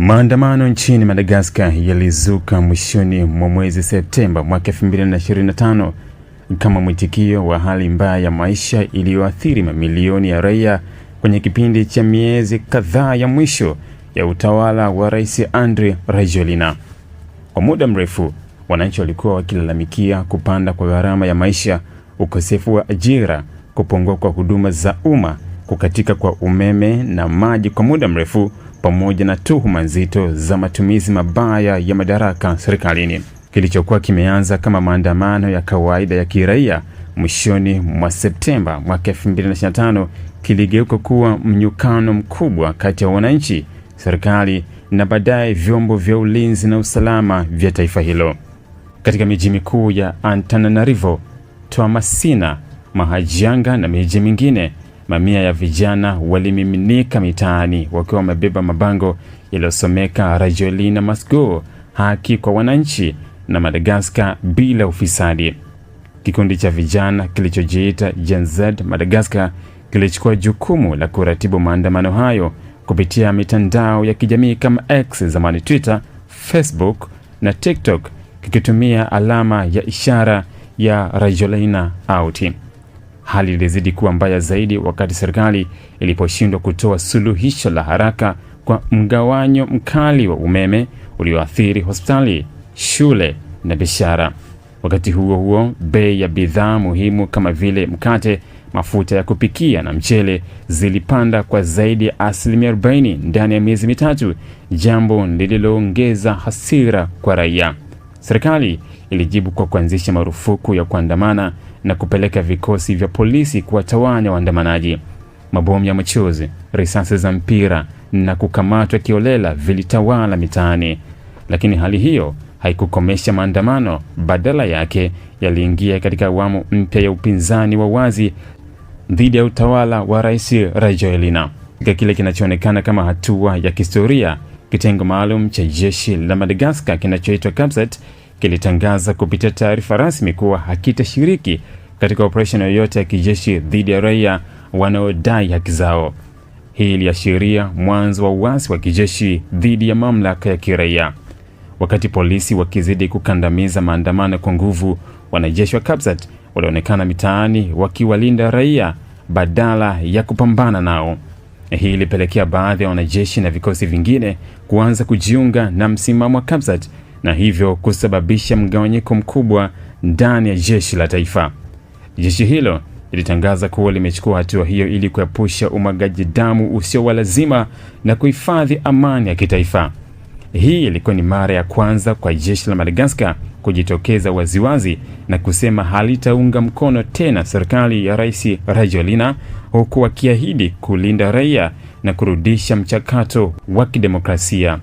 Maandamano nchini Madagascar yalizuka mwishoni mwa mwezi Septemba mwaka 2025 kama mwitikio wa hali mbaya ya maisha iliyoathiri mamilioni ya raia kwenye kipindi cha miezi kadhaa ya mwisho ya utawala wa Rais Andry Rajoelina. Kwa muda mrefu, wananchi walikuwa wakilalamikia kupanda kwa gharama ya maisha, ukosefu wa ajira, kupungua kwa huduma za umma, kukatika kwa umeme na maji kwa muda mrefu pamoja na tuhuma nzito za matumizi mabaya ya madaraka serikalini. Kilichokuwa kimeanza kama maandamano ya kawaida ya kiraia mwishoni mwa Septemba mwaka 2025 kiligeuka kuwa mnyukano mkubwa kati ya wananchi, serikali na baadaye vyombo vya ulinzi na usalama vya taifa hilo. Katika miji mikuu ya Antananarivo, Toamasina, Mahajanga na miji mingine Mamia ya vijana walimiminika mitaani wakiwa wamebeba mabango yaliyosomeka rajoli na masgo haki kwa wananchi na madagaskar bila ufisadi. Kikundi cha vijana kilichojiita jnz madagaskar Madagascar kilichukua jukumu la kuratibu maandamano hayo kupitia mitandao ya kijamii kama X zamani Twitter, Facebook na TikTok kikitumia alama ya ishara ya rajolina auti Hali ilizidi kuwa mbaya zaidi wakati serikali iliposhindwa kutoa suluhisho la haraka kwa mgawanyo mkali wa umeme ulioathiri hospitali, shule na biashara. Wakati huo huo, bei ya bidhaa muhimu kama vile mkate, mafuta ya kupikia na mchele zilipanda kwa zaidi ya asilimia 40 ndani ya miezi mitatu, jambo lililoongeza hasira kwa raia. Serikali ilijibu kwa kuanzisha marufuku ya kuandamana na kupeleka vikosi vya polisi kuwatawanya waandamanaji. Mabomu ya machozi, risasi za mpira na kukamatwa kiolela vilitawala mitaani, lakini hali hiyo haikukomesha maandamano. Badala yake, yaliingia katika awamu mpya ya upinzani wa wazi dhidi ya utawala wa Rais Rajoelina. Katika kile kinachoonekana kama hatua ya kihistoria, kitengo maalum cha jeshi la Madagaskar kinachoitwa Capsat kilitangaza kupitia taarifa rasmi kuwa hakitashiriki katika operesheni yoyote ya kijeshi dhidi ya raia wanaodai haki zao. Hii iliashiria mwanzo wa uasi wa kijeshi dhidi ya mamlaka ya kiraia. Wakati polisi wakizidi kukandamiza maandamano kwa nguvu, wanajeshi wa Kapsat walionekana mitaani wakiwalinda raia badala ya kupambana nao. Hii ilipelekea baadhi ya wanajeshi na vikosi vingine kuanza kujiunga na msimamo wa Kapsat na hivyo kusababisha mgawanyiko mkubwa ndani ya jeshi la taifa. Jeshi hilo lilitangaza kuwa limechukua hatua hiyo ili kuepusha umwagaji damu usio wa lazima na kuhifadhi amani ya kitaifa. Hii ilikuwa ni mara ya kwanza kwa jeshi la Madagaskar kujitokeza waziwazi na kusema halitaunga mkono tena serikali ya Rais Rajoelina, huku wakiahidi kulinda raia na kurudisha mchakato wa kidemokrasia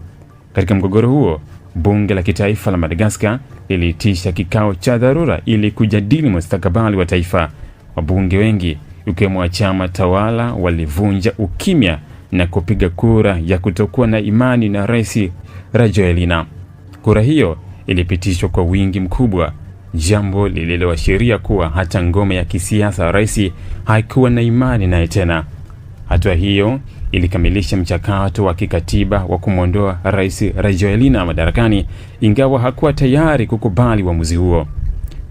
katika mgogoro huo, bunge la kitaifa la Madagaskar liliitisha kikao cha dharura ili kujadili mustakabali wa taifa. Wabunge wengi ukiwemo wa chama tawala walivunja ukimya na kupiga kura ya kutokuwa na imani na Rais Rajoelina. Kura hiyo ilipitishwa kwa wingi mkubwa, jambo lililoashiria kuwa hata ngome ya kisiasa rais haikuwa na imani naye tena. Hatua hiyo ilikamilisha mchakato wa kikatiba wa kumwondoa Rais Rajoelina madarakani, ingawa hakuwa tayari kukubali uamuzi huo.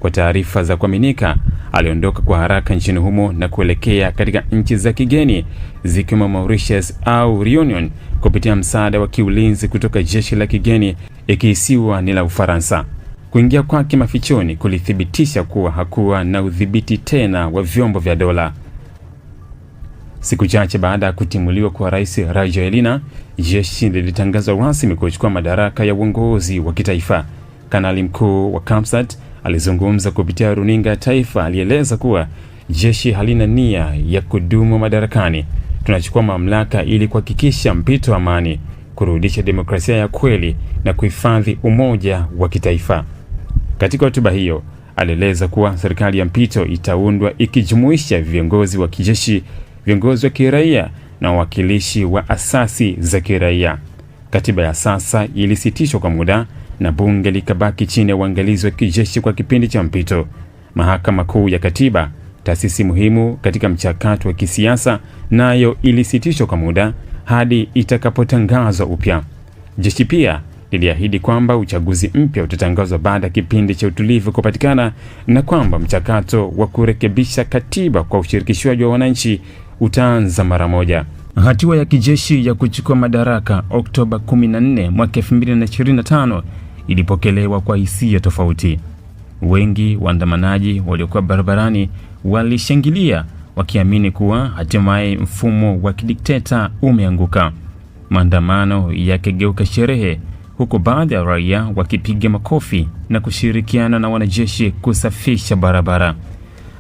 Kwa taarifa za kuaminika, aliondoka kwa haraka nchini humo na kuelekea katika nchi za kigeni zikiwemo Mauritius au Reunion kupitia msaada wa kiulinzi kutoka jeshi la kigeni, ikihisiwa ni la Ufaransa. Kuingia kwake mafichoni kulithibitisha kuwa hakuwa na udhibiti tena wa vyombo vya dola. Siku chache baada ya kutimuliwa kwa Rais Rajoelina, jeshi lilitangaza rasmi kuchukua madaraka ya uongozi wa kitaifa. Kanali mkuu wa Kamsat alizungumza kupitia runinga ya taifa, alieleza kuwa jeshi halina nia ya kudumu madarakani. Tunachukua mamlaka ili kuhakikisha mpito wa amani, kurudisha demokrasia ya kweli na kuhifadhi umoja wa kitaifa. Katika hotuba hiyo, alieleza kuwa serikali ya mpito itaundwa ikijumuisha viongozi wa kijeshi viongozi wa kiraia na wawakilishi wa asasi za kiraia. Katiba ya sasa ilisitishwa kwa muda na bunge likabaki chini ya uangalizi wa kijeshi kwa kipindi cha mpito. Mahakama Kuu ya Katiba, taasisi muhimu katika mchakato wa kisiasa, nayo ilisitishwa kwa muda hadi itakapotangazwa upya. Jeshi pia liliahidi kwamba uchaguzi mpya utatangazwa baada ya kipindi cha utulivu kupatikana na kwamba mchakato wa kurekebisha katiba kwa ushirikishwaji wa wananchi utaanza mara moja. Hatua ya kijeshi ya kuchukua madaraka Oktoba 14 mwaka 2025 ilipokelewa kwa hisia tofauti. Wengi waandamanaji waliokuwa barabarani walishangilia wakiamini kuwa hatimaye mfumo wa kidikteta umeanguka. Maandamano yakegeuka sherehe, huku baadhi ya raia wakipiga makofi na kushirikiana na wanajeshi kusafisha barabara.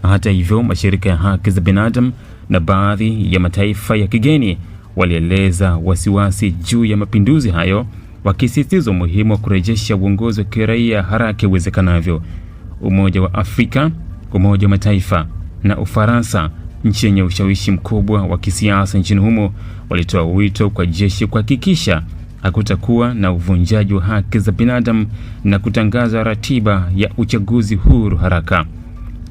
Hata hivyo, mashirika ya haki za binadamu na baadhi ya mataifa ya kigeni walieleza wasiwasi juu ya mapinduzi hayo, wakisisitiza umuhimu wa kurejesha uongozi wa kiraia haraka iwezekanavyo. Umoja wa Afrika, Umoja wa Mataifa na Ufaransa, nchi yenye ushawishi mkubwa wa kisiasa nchini humo, walitoa wito kwa jeshi kuhakikisha hakutakuwa na uvunjaji wa haki za binadamu na kutangaza ratiba ya uchaguzi huru haraka.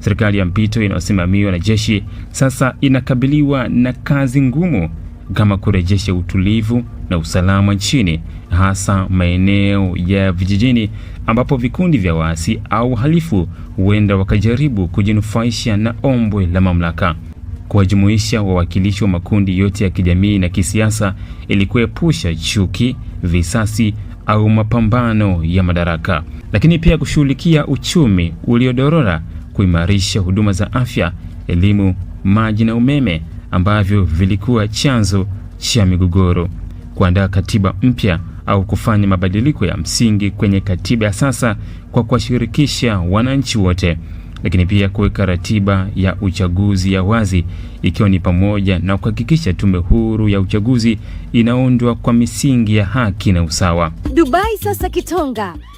Serikali ya mpito inayosimamiwa na jeshi sasa inakabiliwa na kazi ngumu kama kurejesha utulivu na usalama nchini, hasa maeneo ya vijijini ambapo vikundi vya waasi au halifu huenda wakajaribu kujinufaisha na ombwe la mamlaka. Kuwajumuisha wawakilishi wa makundi yote ya kijamii na kisiasa ili kuepusha chuki, visasi au mapambano ya madaraka, lakini pia kushughulikia uchumi uliodorora kuimarisha huduma za afya, elimu, maji na umeme ambavyo vilikuwa chanzo cha migogoro, kuandaa katiba mpya au kufanya mabadiliko ya msingi kwenye katiba ya sasa kwa kuwashirikisha wananchi wote, lakini pia kuweka ratiba ya uchaguzi ya wazi, ikiwa ni pamoja na kuhakikisha tume huru ya uchaguzi inaundwa kwa misingi ya haki na usawa. Dubai sasa kitonga